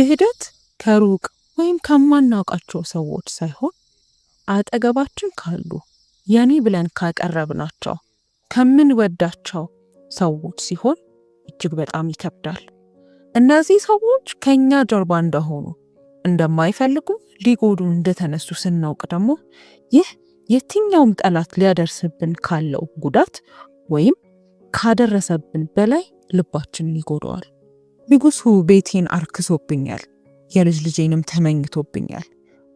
ክህደት ከሩቅ ወይም ከማናውቃቸው ሰዎች ሳይሆን አጠገባችን ካሉ የኔ ብለን ካቀረብናቸው ከምንወዳቸው ሰዎች ሲሆን እጅግ በጣም ይከብዳል። እነዚህ ሰዎች ከእኛ ጀርባ እንደሆኑ እንደማይፈልጉ ሊጎዱን እንደተነሱ ስናውቅ ደግሞ ይህ የትኛውም ጠላት ሊያደርስብን ካለው ጉዳት ወይም ካደረሰብን በላይ ልባችንን ይጎደዋል። ንጉሱ ቤቴን አርክሶብኛል፣ የልጅ ልጄንም ተመኝቶብኛል፣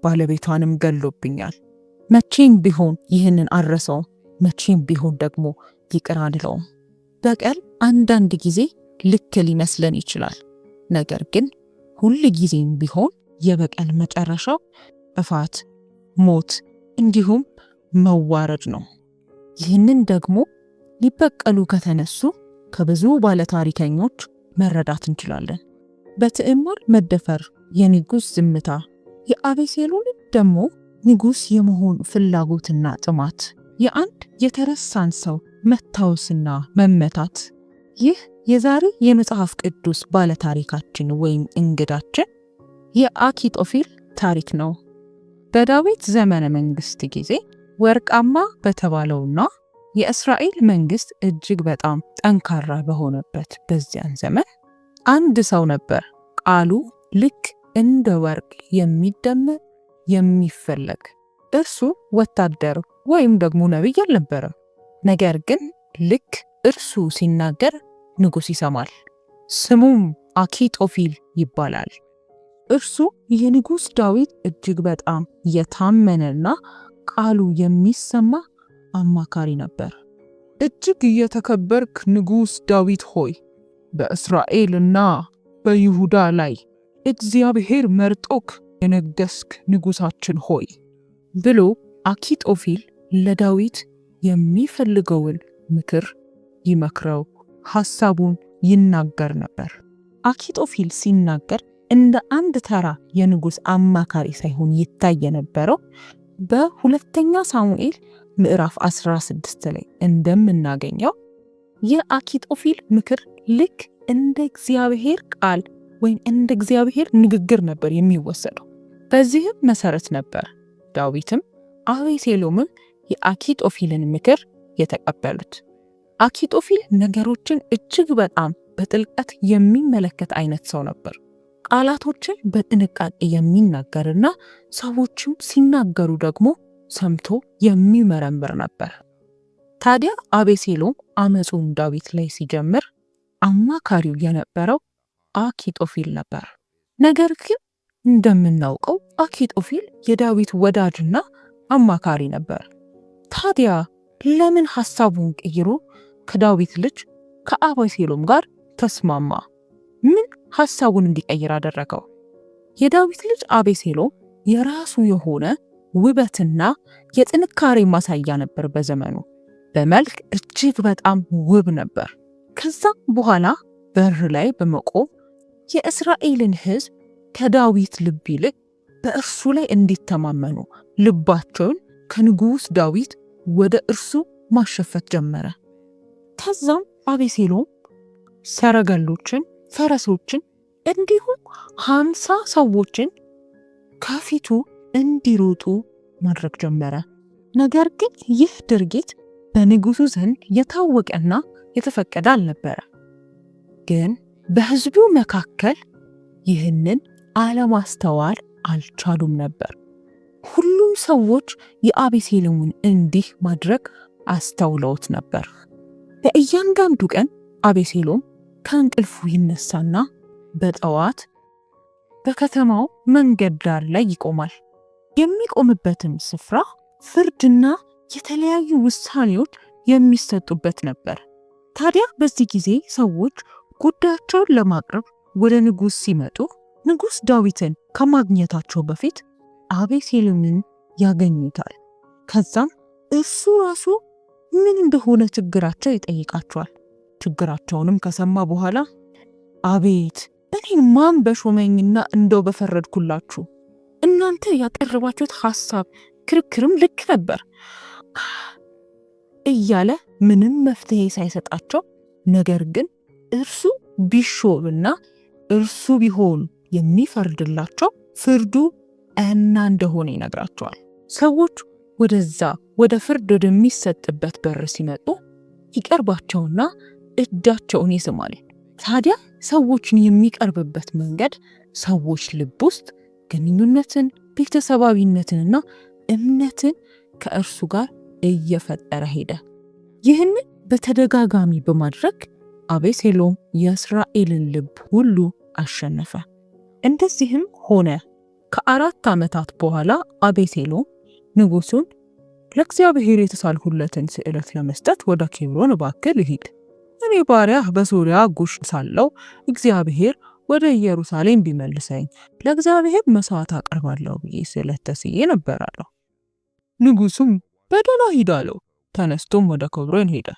ባለቤቷንም ገሎብኛል። መቼም ቢሆን ይህንን አረሰውም፣ መቼም ቢሆን ደግሞ ይቅር አልለውም። በቀል አንዳንድ ጊዜ ልክ ሊመስለን ይችላል። ነገር ግን ሁል ጊዜም ቢሆን የበቀል መጨረሻው ጥፋት፣ ሞት እንዲሁም መዋረድ ነው። ይህንን ደግሞ ሊበቀሉ ከተነሱ ከብዙ ባለታሪከኞች መረዳት እንችላለን። በትዕማር መደፈር የንጉሥ ዝምታ፣ የአቤሴሎም ደግሞ ንጉሥ የመሆን ፍላጎትና ጥማት፣ የአንድ የተረሳን ሰው መታወስና መመታት። ይህ የዛሬ የመጽሐፍ ቅዱስ ባለታሪካችን ወይም እንግዳችን የአኪጦፌል ታሪክ ነው። በዳዊት ዘመነ መንግሥት ጊዜ ወርቃማ በተባለውና የእስራኤል መንግስት እጅግ በጣም ጠንካራ በሆነበት በዚያን ዘመን አንድ ሰው ነበር። ቃሉ ልክ እንደ ወርቅ የሚደመጥ የሚፈለግ እርሱ ወታደር ወይም ደግሞ ነቢይ አልነበረም። ነገር ግን ልክ እርሱ ሲናገር ንጉስ ይሰማል። ስሙም አኪጦፊል ይባላል። እርሱ የንጉስ ዳዊት እጅግ በጣም የታመነና ቃሉ የሚሰማ አማካሪ ነበር። እጅግ የተከበርክ ንጉሥ ዳዊት ሆይ በእስራኤል እና በይሁዳ ላይ እግዚአብሔር መርጦክ የነገስክ ንጉሳችን ሆይ ብሎ አኪጦፊል ለዳዊት የሚፈልገውን ምክር ይመክረው፣ ሐሳቡን ይናገር ነበር። አኪጦፊል ሲናገር እንደ አንድ ተራ የንጉሥ አማካሪ ሳይሆን ይታይ የነበረው በሁለተኛ ሳሙኤል ምዕራፍ 16 ላይ እንደምናገኘው የአኪጦፊል ምክር ልክ እንደ እግዚአብሔር ቃል ወይም እንደ እግዚአብሔር ንግግር ነበር የሚወሰደው። በዚህም መሰረት ነበር ዳዊትም አቤሴሎምም የአኪጦፊልን ምክር የተቀበሉት። አኪጦፊል ነገሮችን እጅግ በጣም በጥልቀት የሚመለከት አይነት ሰው ነበር። ቃላቶችን በጥንቃቄ የሚናገርና ሰዎችም ሲናገሩ ደግሞ ሰምቶ የሚመረምር ነበር። ታዲያ አቤሴሎም አመፁን ዳዊት ላይ ሲጀምር አማካሪው የነበረው አኪጦፊል ነበር። ነገር ግን እንደምናውቀው አኪጦፊል የዳዊት ወዳጅና አማካሪ ነበር። ታዲያ ለምን ሐሳቡን ቀይሮ ከዳዊት ልጅ ከአቤሴሎም ጋር ተስማማ? ምን ሐሳቡን እንዲቀይር አደረገው? የዳዊት ልጅ አቤሴሎም የራሱ የሆነ ውበትና የጥንካሬ ማሳያ ነበር። በዘመኑ በመልክ እጅግ በጣም ውብ ነበር። ከዛም በኋላ በር ላይ በመቆም የእስራኤልን ሕዝብ ከዳዊት ልብ ይልቅ በእርሱ ላይ እንዲተማመኑ ልባቸውን ከንጉሥ ዳዊት ወደ እርሱ ማሸፈት ጀመረ። ከዛም አቤሴሎም ሰረገሎችን፣ ፈረሶችን እንዲሁም ሀምሳ ሰዎችን ከፊቱ እንዲሮጡ ማድረግ ጀመረ። ነገር ግን ይህ ድርጊት በንጉሱ ዘንድ የታወቀና የተፈቀደ አልነበረ። ግን በህዝቡ መካከል ይህንን አለማስተዋል አልቻሉም ነበር። ሁሉም ሰዎች የአቤሴሎምን እንዲህ ማድረግ አስተውለውት ነበር። በእያንዳንዱ ቀን አቤሴሎም ከእንቅልፉ ይነሳና በጠዋት በከተማው መንገድ ዳር ላይ ይቆማል። የሚቆምበትም ስፍራ ፍርድና የተለያዩ ውሳኔዎች የሚሰጡበት ነበር። ታዲያ በዚህ ጊዜ ሰዎች ጉዳያቸውን ለማቅረብ ወደ ንጉሥ ሲመጡ ንጉሥ ዳዊትን ከማግኘታቸው በፊት አቤሴሎምን ያገኙታል። ከዛም እሱ ራሱ ምን እንደሆነ ችግራቸው ይጠይቃቸዋል። ችግራቸውንም ከሰማ በኋላ አቤት እኔን ማን በሾመኝና እንደው በፈረድኩላችሁ እናንተ ያቀረባችሁት ሀሳብ ክርክርም ልክ ነበር እያለ ምንም መፍትሄ ሳይሰጣቸው፣ ነገር ግን እርሱ ቢሾምና እርሱ ቢሆን የሚፈርድላቸው ፍርዱ እና እንደሆነ ይነግራቸዋል። ሰዎች ወደዛ ወደ ፍርድ ወደሚሰጥበት በር ሲመጡ ይቀርባቸውና እጃቸውን ይስማል። ታዲያ ሰዎችን የሚቀርብበት መንገድ ሰዎች ልብ ውስጥ ግንኙነትን፣ ቤተሰባዊነትንና እምነትን ከእርሱ ጋር እየፈጠረ ሄደ። ይህን በተደጋጋሚ በማድረግ አቤሴሎም የእስራኤልን ልብ ሁሉ አሸነፈ። እንደዚህም ሆነ። ከአራት ዓመታት በኋላ አቤሴሎም ንጉሱን ለእግዚአብሔር የተሳልሁለትን ስዕለት ለመስጠት ወደ ኬብሮን እባክህ ልሂድ፣ እኔ ባሪያህ በሶርያ ጉሽ ሳለው እግዚአብሔር ወደ ኢየሩሳሌም ቢመልሰኝ ለእግዚአብሔር መሥዋዕት አቀርባለሁ ብዬ ስለት ተስዬ ነበራለሁ። ንጉሱም በደህና ሂድ አለው። ተነስቶም ወደ ክብሮን ሄደ።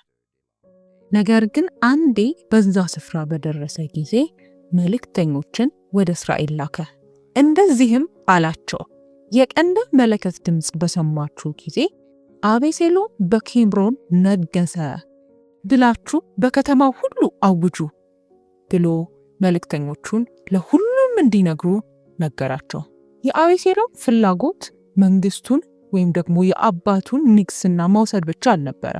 ነገር ግን አንዴ በዛ ስፍራ በደረሰ ጊዜ መልእክተኞችን ወደ እስራኤል ላከ። እንደዚህም አላቸው፣ የቀንደ መለከት ድምፅ በሰማችሁ ጊዜ አቤሴሎም በኬብሮን ነገሰ ብላችሁ በከተማው ሁሉ አውጁ ብሎ መልእክተኞቹን ለሁሉም እንዲነግሩ ነገራቸው። የአቤሴሎም ፍላጎት መንግስቱን ወይም ደግሞ የአባቱን ንግስና መውሰድ ብቻ አልነበረ።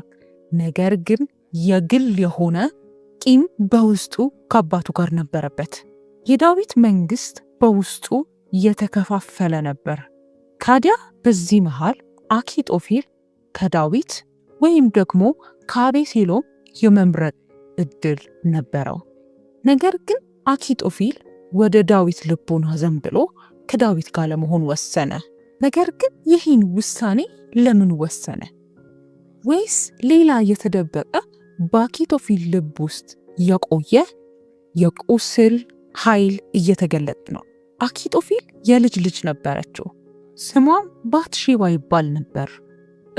ነገር ግን የግል የሆነ ቂም በውስጡ ከአባቱ ጋር ነበረበት። የዳዊት መንግስት በውስጡ የተከፋፈለ ነበር። ታዲያ በዚህ መሃል አኪጦፌል ከዳዊት ወይም ደግሞ ከአቤሴሎም የመምረጥ እድል ነበረው። ነገር ግን አኪጦፊል ወደ ዳዊት ልቦና ዘንብሎ ከዳዊት ጋር ለመሆን ወሰነ። ነገር ግን ይህን ውሳኔ ለምን ወሰነ? ወይስ ሌላ የተደበቀ በአኪቶፊል ልብ ውስጥ የቆየ የቁስል ኃይል እየተገለጠ ነው? አኪጦፊል የልጅ ልጅ ነበረችው። ስሟም ባትሼባ ይባል ነበር።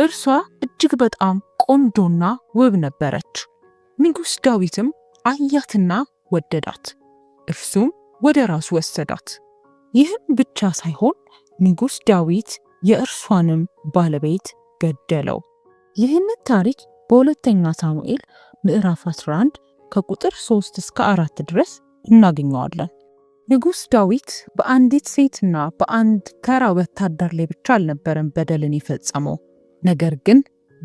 እርሷ እጅግ በጣም ቆንጆና ውብ ነበረች። ንጉሥ ዳዊትም አያትና ወደዳት። እርሱም ወደ ራሱ ወሰዳት። ይህም ብቻ ሳይሆን ንጉሥ ዳዊት የእርሷንም ባለቤት ገደለው። ይህንን ታሪክ በሁለተኛ ሳሙኤል ምዕራፍ 11 ከቁጥር 3 እስከ 4 ድረስ እናገኘዋለን። ንጉሥ ዳዊት በአንዲት ሴትና በአንድ ተራ ወታደር ላይ ብቻ አልነበረም በደልን የፈጸመው፣ ነገር ግን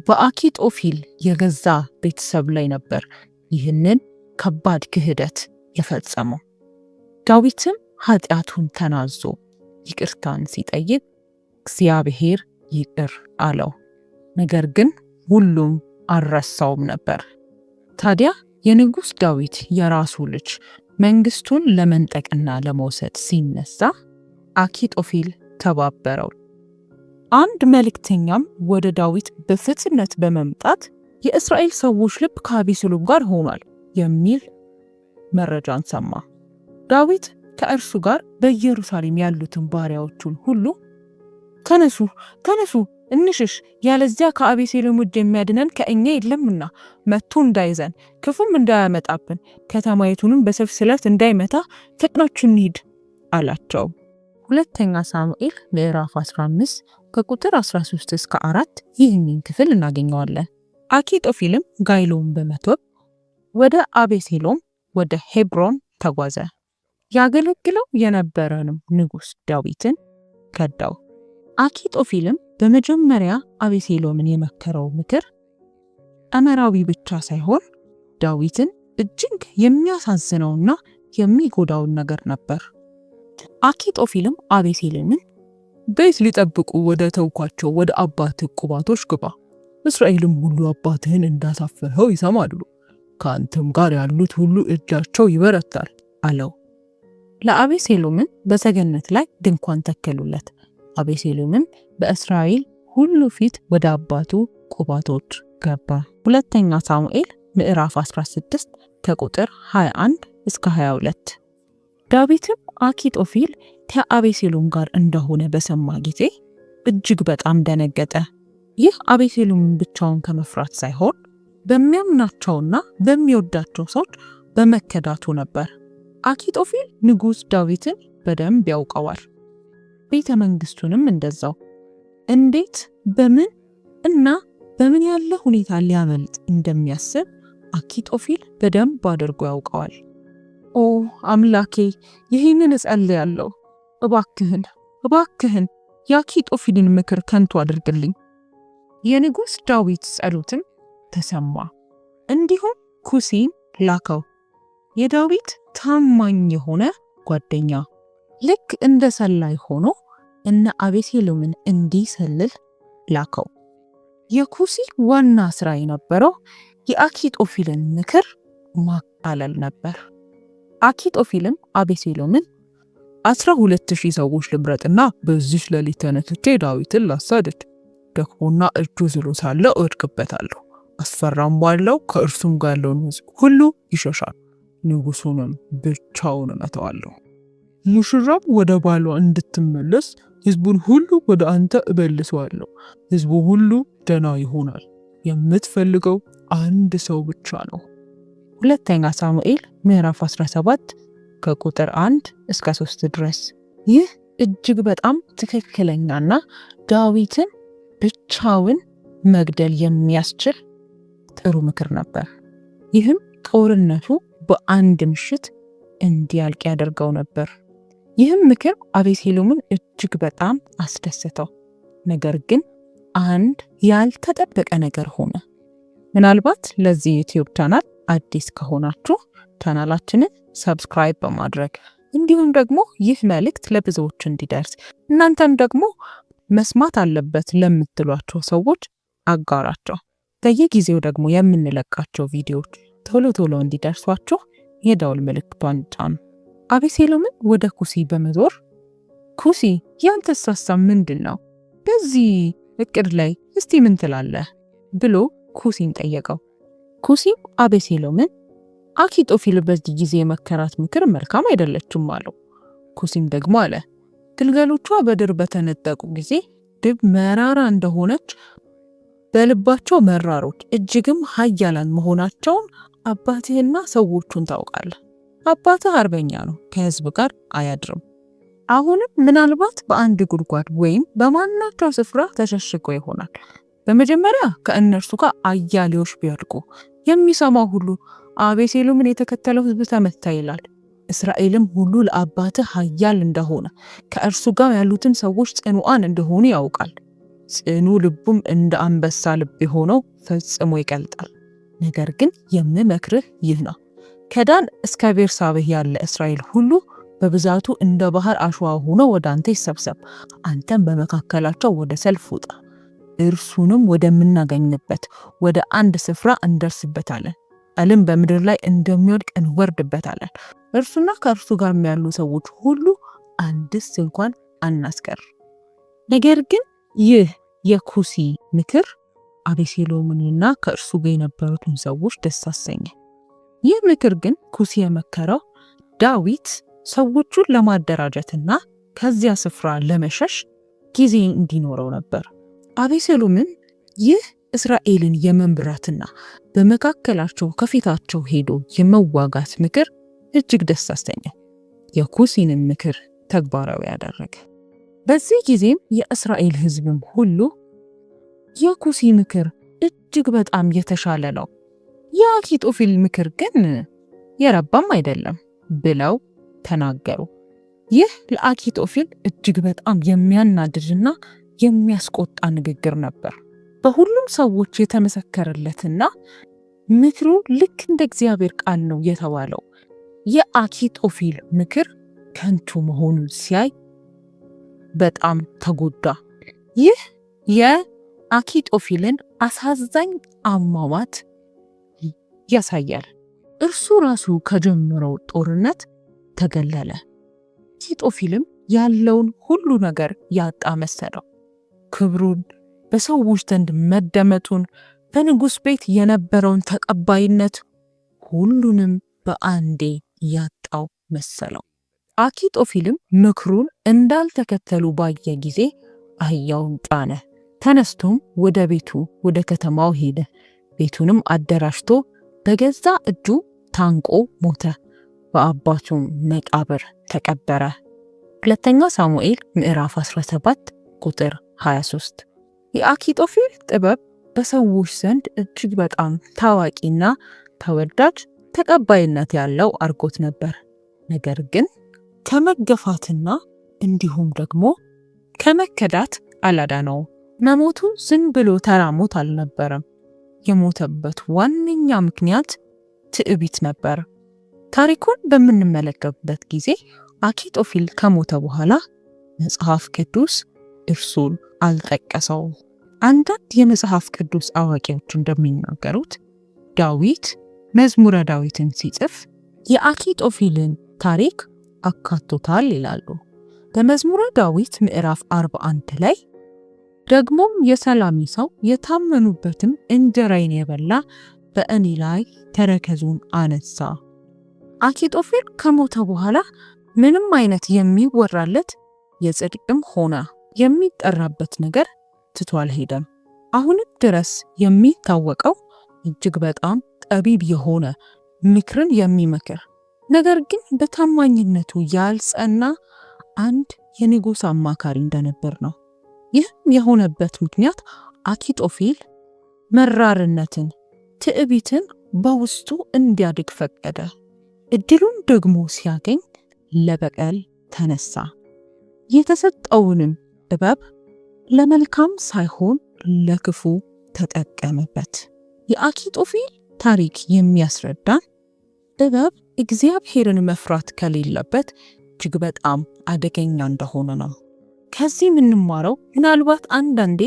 በአኪጦፊል የገዛ ቤተሰብ ላይ ነበር ይህንን ከባድ ክህደት የፈጸመው። ዳዊትም ኃጢአቱን ተናዞ ይቅርታን ሲጠይቅ እግዚአብሔር ይቅር አለው። ነገር ግን ሁሉም አልረሳውም ነበር። ታዲያ የንጉሥ ዳዊት የራሱ ልጅ መንግስቱን ለመንጠቅና ለመውሰድ ሲነሳ አኪጦፌል ተባበረው። አንድ መልእክተኛም ወደ ዳዊት በፍጥነት በመምጣት የእስራኤል ሰዎች ልብ ከአቤሴሎም ጋር ሆኗል የሚል መረጃን ሰማ። ዳዊት ከእርሱ ጋር በኢየሩሳሌም ያሉትን ባሪያዎቹን ሁሉ ተነሱ፣ ተነሱ፣ እንሽሽ፣ ያለዚያ ከአቤሴሎም እጅ የሚያድነን ከእኛ የለምና፣ መጥቶ እንዳይዘን ክፉም እንዳያመጣብን ከተማይቱንም በሰይፍ ስለት እንዳይመታ ፈጥናችሁ እንሂድ አላቸው። ሁለተኛ ሳሙኤል ምዕራፍ 15 ከቁጥር 13 እስከ 4 ይህንን ክፍል እናገኘዋለን። አኪጦፊልም ጋይሎን በመቶብ ወደ አቤሴሎም ወደ ሄብሮን ተጓዘ። ያገለግለው የነበረንም ንጉሥ ዳዊትን ከዳው። አኪጦፊልም በመጀመሪያ አቤሴሎምን የመከረው ምክር ጠመራዊ ብቻ ሳይሆን ዳዊትን እጅግ የሚያሳዝነውና የሚጎዳውን ነገር ነበር። አኪጦፊልም አቤሴሎምን ቤት ሊጠብቁ ወደ ተውኳቸው ወደ አባት ቁባቶች ግባ፣ እስራኤልም ሁሉ አባትህን እንዳሳፈርኸው ይሰማሉ፣ ከአንተም ጋር ያሉት ሁሉ እጃቸው ይበረታል አለው። ለአቤሴሎምም በሰገነት ላይ ድንኳን ተከሉለት። አቤሴሎምም በእስራኤል ሁሉ ፊት ወደ አባቱ ቁባቶች ገባ። ሁለተኛ ሳሙኤል ምዕራፍ 16 ከቁጥር 21 እስከ 22። ዳዊትም አኪጦፊል ከአቤሴሎም ጋር እንደሆነ በሰማ ጊዜ እጅግ በጣም ደነገጠ። ይህ አቤሴሎምን ብቻውን ከመፍራት ሳይሆን በሚያምናቸውና በሚወዳቸው ሰዎች በመከዳቱ ነበር። አኪጦፌል ንጉሥ ዳዊትን በደንብ ያውቀዋል፣ ቤተ መንግስቱንም እንደዛው። እንዴት በምን እና በምን ያለ ሁኔታ ሊያመልጥ እንደሚያስብ አኪጦፌል በደንብ አድርጎ ያውቀዋል። ኦ አምላኬ ይህንን እጸልያለሁ፣ እባክህን እባክህን የአኪጦፌልን ምክር ከንቱ አድርግልኝ። የንጉሥ ዳዊት ጸሎትም ተሰማ። እንዲሁም ኩሲን ላከው የዳዊት ታማኝ የሆነ ጓደኛ ልክ እንደ ሰላይ ሆኖ እነ አቤሴሎምን እንዲሰልል ላከው። የኩሲ ዋና ስራ የነበረው የአኪጦፊልን ምክር ማቃለል ነበር። አኪጦፊልም አቤሴሎምን አስራ ሁለት ሺህ ሰዎች ልምረጥና በዚች ሌሊት ተነስቼ ዳዊትን ላሳድድ፣ ደክሞና እጁ ዝሎ ሳለ እወድቅበታለሁ፣ አስፈራም ዋለው፣ ከእርሱም ጋር ያለውን ሕዝብ ሁሉ ይሸሻል ንጉሱንም ብቻውን እመታዋለሁ። ሙሽራም ወደ ባሏ እንድትመለስ ህዝቡን ሁሉ ወደ አንተ እበልሰዋለሁ። ህዝቡ ሁሉ ደና ይሆናል። የምትፈልገው አንድ ሰው ብቻ ነው። ሁለተኛ ሳሙኤል ምዕራፍ 17 ከቁጥር 1 እስከ 3 ድረስ። ይህ እጅግ በጣም ትክክለኛና ዳዊትን ብቻውን መግደል የሚያስችል ጥሩ ምክር ነበር። ይህም ጦርነቱ በአንድ ምሽት እንዲያልቅ ያደርገው ነበር። ይህም ምክር አቤሴሎምን እጅግ በጣም አስደሰተው። ነገር ግን አንድ ያልተጠበቀ ነገር ሆነ። ምናልባት ለዚህ ዩትዩብ ቻናል አዲስ ከሆናችሁ ቻናላችንን ሰብስክራይብ በማድረግ እንዲሁም ደግሞ ይህ መልእክት ለብዙዎች እንዲደርስ እናንተም ደግሞ መስማት አለበት ለምትሏቸው ሰዎች አጋራቸው። በየጊዜው ደግሞ የምንለቃቸው ቪዲዮዎች ቶሎ ቶሎ እንዲደርሷችሁ የደውል ምልክቷን ጫኑ። አቤሴሎምን ወደ ኩሲ በመዞር ኩሲ፣ ያንተ ሀሳብ ምንድን ነው? በዚህ እቅድ ላይ እስቲ ምን ትላለህ? ብሎ ኩሲን ጠየቀው። ኩሲም አቤሴሎምን አኪጦፊል በዚህ ጊዜ የመከራት ምክር መልካም አይደለችም አለው። ኩሲም ደግሞ አለ ግልገሎቿ በድር በተነጠቁ ጊዜ ድብ መራራ እንደሆነች በልባቸው መራሮች እጅግም ኃያላን መሆናቸውን አባትህና ሰዎቹን ታውቃለህ። አባትህ አርበኛ ነው፣ ከህዝብ ጋር አያድርም። አሁንም ምናልባት በአንድ ጉድጓድ ወይም በማናቸው ስፍራ ተሸሽጎ ይሆናል። በመጀመሪያ ከእነርሱ ጋር አያሌዎች ቢያልቁ የሚሰማው ሁሉ አቤሴሎምን የተከተለው ህዝብ ተመታ ይላል። እስራኤልም ሁሉ ለአባትህ ኃያል እንደሆነ ከእርሱ ጋር ያሉትን ሰዎች ጽኑዓን እንደሆኑ ያውቃል። ጽኑ ልቡም እንደ አንበሳ ልብ የሆነው ፈጽሞ ይቀልጣል። ነገር ግን የምመክርህ ይህ ነው። ከዳን እስከ ቤርሳቤህ ያለ እስራኤል ሁሉ በብዛቱ እንደ ባህር አሸዋ ሆኖ ወደ አንተ ይሰብሰብ። አንተም በመካከላቸው ወደ ሰልፍ ውጣ፣ እርሱንም ወደምናገኝበት ወደ አንድ ስፍራ እንደርስበታለን። አለም በምድር ላይ እንደሚወድቅ እንወርድበታለን። እርሱና ከእርሱ ጋር ያሉ ሰዎች ሁሉ አንድስ እንኳን አናስቀር። ነገር ግን ይህ የኩሲ ምክር አቤሴሎምንና ከእርሱ ጋር የነበሩትን ሰዎች ደስ አሰኘ። ይህ ምክር ግን ኩሲ የመከረው ዳዊት ሰዎቹን ለማደራጀትና ከዚያ ስፍራ ለመሸሽ ጊዜ እንዲኖረው ነበር። አቤሴሎምም ይህ እስራኤልን የመምራትና በመካከላቸው ከፊታቸው ሄዶ የመዋጋት ምክር እጅግ ደስ አሰኘው። የኩሲንም ምክር ተግባራዊ ያደረገ። በዚህ ጊዜም የእስራኤል ሕዝብም ሁሉ የኩሲ ምክር እጅግ በጣም የተሻለ ነው፣ የአኪጦፌል ምክር ግን የረባም አይደለም ብለው ተናገሩ። ይህ ለአኪጦፌል እጅግ በጣም የሚያናድድና የሚያስቆጣ ንግግር ነበር። በሁሉም ሰዎች የተመሰከረለትና ምክሩ ልክ እንደ እግዚአብሔር ቃል ነው የተባለው የአኪጦፌል ምክር ከንቱ መሆኑን ሲያይ በጣም ተጎዳ። ይህ አኪጦፊልን አሳዛኝ አሟሟት ያሳያል። እርሱ ራሱ ከጀመረው ጦርነት ተገለለ። አኪጦፊልም ያለውን ሁሉ ነገር ያጣ መሰለው። ክብሩን፣ በሰዎች ዘንድ መደመጡን፣ በንጉሥ ቤት የነበረውን ተቀባይነት፣ ሁሉንም በአንዴ ያጣው መሰለው። አኪጦፊልም ምክሩን እንዳልተከተሉ ባየ ጊዜ አህያውን ጫነ። ተነስቶም ወደ ቤቱ ወደ ከተማው ሄደ። ቤቱንም አደራጅቶ በገዛ እጁ ታንቆ ሞተ፣ በአባቱም መቃብር ተቀበረ። ሁለተኛ ሳሙኤል ምዕራፍ 17 ቁጥር 23። የአኪጦፌል ጥበብ በሰዎች ዘንድ እጅግ በጣም ታዋቂና ተወዳጅ ተቀባይነት ያለው አርጎት ነበር። ነገር ግን ከመገፋትና እንዲሁም ደግሞ ከመከዳት አላዳነውም። መሞቱ ዝም ብሎ ተራ ሞት አልነበረም። የሞተበት ዋነኛ ምክንያት ትዕቢት ነበር። ታሪኩን በምንመለከትበት ጊዜ አኪጦፊል ከሞተ በኋላ መጽሐፍ ቅዱስ እርሱን አልጠቀሰውም። አንዳንድ የመጽሐፍ ቅዱስ አዋቂዎች እንደሚናገሩት ዳዊት መዝሙረ ዳዊትን ሲጽፍ የአኪጦፊልን ታሪክ አካቶታል ይላሉ። በመዝሙረ ዳዊት ምዕራፍ 41 ላይ ደግሞም የሰላሚ ሰው የታመኑበትም እንጀራይን የበላ በእኔ ላይ ተረከዙን አነሳ። አኪጦፌል ከሞተ በኋላ ምንም አይነት የሚወራለት የጽድቅም ሆነ የሚጠራበት ነገር ትቶ አልሄደም። አሁንም ድረስ የሚታወቀው እጅግ በጣም ጠቢብ የሆነ ምክርን የሚመክር ነገር ግን በታማኝነቱ ያልጸና አንድ የንጉሥ አማካሪ እንደነበር ነው። ይህም የሆነበት ምክንያት አኪጦፌል መራርነትን፣ ትዕቢትን በውስጡ እንዲያድግ ፈቀደ። እድሉን ደግሞ ሲያገኝ ለበቀል ተነሳ። የተሰጠውንም ጥበብ ለመልካም ሳይሆን ለክፉ ተጠቀመበት። የአኪጦፌል ታሪክ የሚያስረዳን ጥበብ እግዚአብሔርን መፍራት ከሌለበት እጅግ በጣም አደገኛ እንደሆነ ነው። ከዚህ የምንማረው ምናልባት አንዳንዴ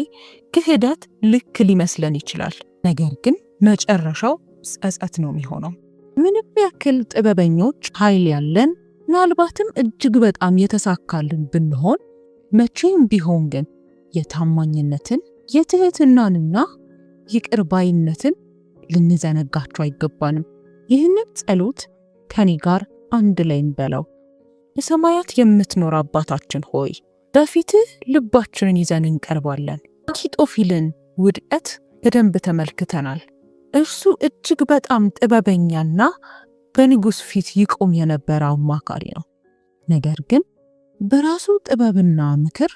ክህደት ልክ ሊመስለን ይችላል፣ ነገር ግን መጨረሻው ጸጸት ነው የሚሆነው። ምንም ያክል ጥበበኞች፣ ኃይል ያለን ምናልባትም እጅግ በጣም የተሳካልን ብንሆን መቼም ቢሆን ግን የታማኝነትን የትህትናንና ይቅርባይነትን ልንዘነጋቸው አይገባንም። ይህንን ጸሎት ከኔ ጋር አንድ ላይ እንበለው። በሰማያት የምትኖር አባታችን ሆይ በፊትህ ልባችንን ይዘን እንቀርባለን። አኪጦፊልን ውድቀት በደንብ ተመልክተናል። እርሱ እጅግ በጣም ጥበበኛና በንጉሥ ፊት ይቆም የነበረ አማካሪ ነው። ነገር ግን በራሱ ጥበብና ምክር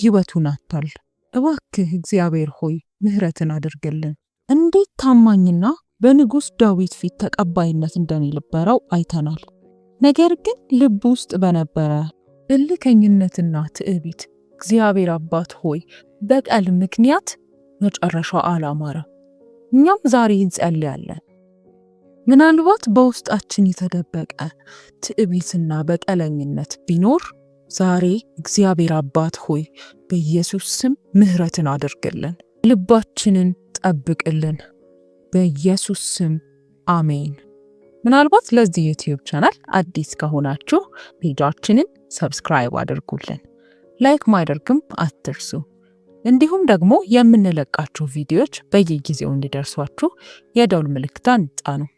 ሕይወቱን አጥቷል። እባክህ እግዚአብሔር ሆይ ምሕረትን አድርግልን። እንዴት ታማኝና በንጉሥ ዳዊት ፊት ተቀባይነት እንደነበረው አይተናል። ነገር ግን ልብ ውስጥ በነበረ እልከኝነትና ትዕቢት እግዚአብሔር አባት ሆይ በቀል ምክንያት መጨረሻው አላማረ። እኛም ዛሬ እንጸልያለን። ምናልባት በውስጣችን የተደበቀ ትዕቢትና በቀለኝነት ቢኖር ዛሬ እግዚአብሔር አባት ሆይ በኢየሱስ ስም ምሕረትን አድርግልን፣ ልባችንን ጠብቅልን። በኢየሱስ ስም አሜን። ምናልባት ለዚህ ዩቲዩብ ቻናል አዲስ ከሆናችሁ ፔጃችንን ሰብስክራይብ አድርጉልን፣ ላይክ ማድረግም አትርሱ። እንዲሁም ደግሞ የምንለቃችሁ ቪዲዮዎች በየጊዜው እንዲደርሷችሁ የደውል ምልክቷን ነው።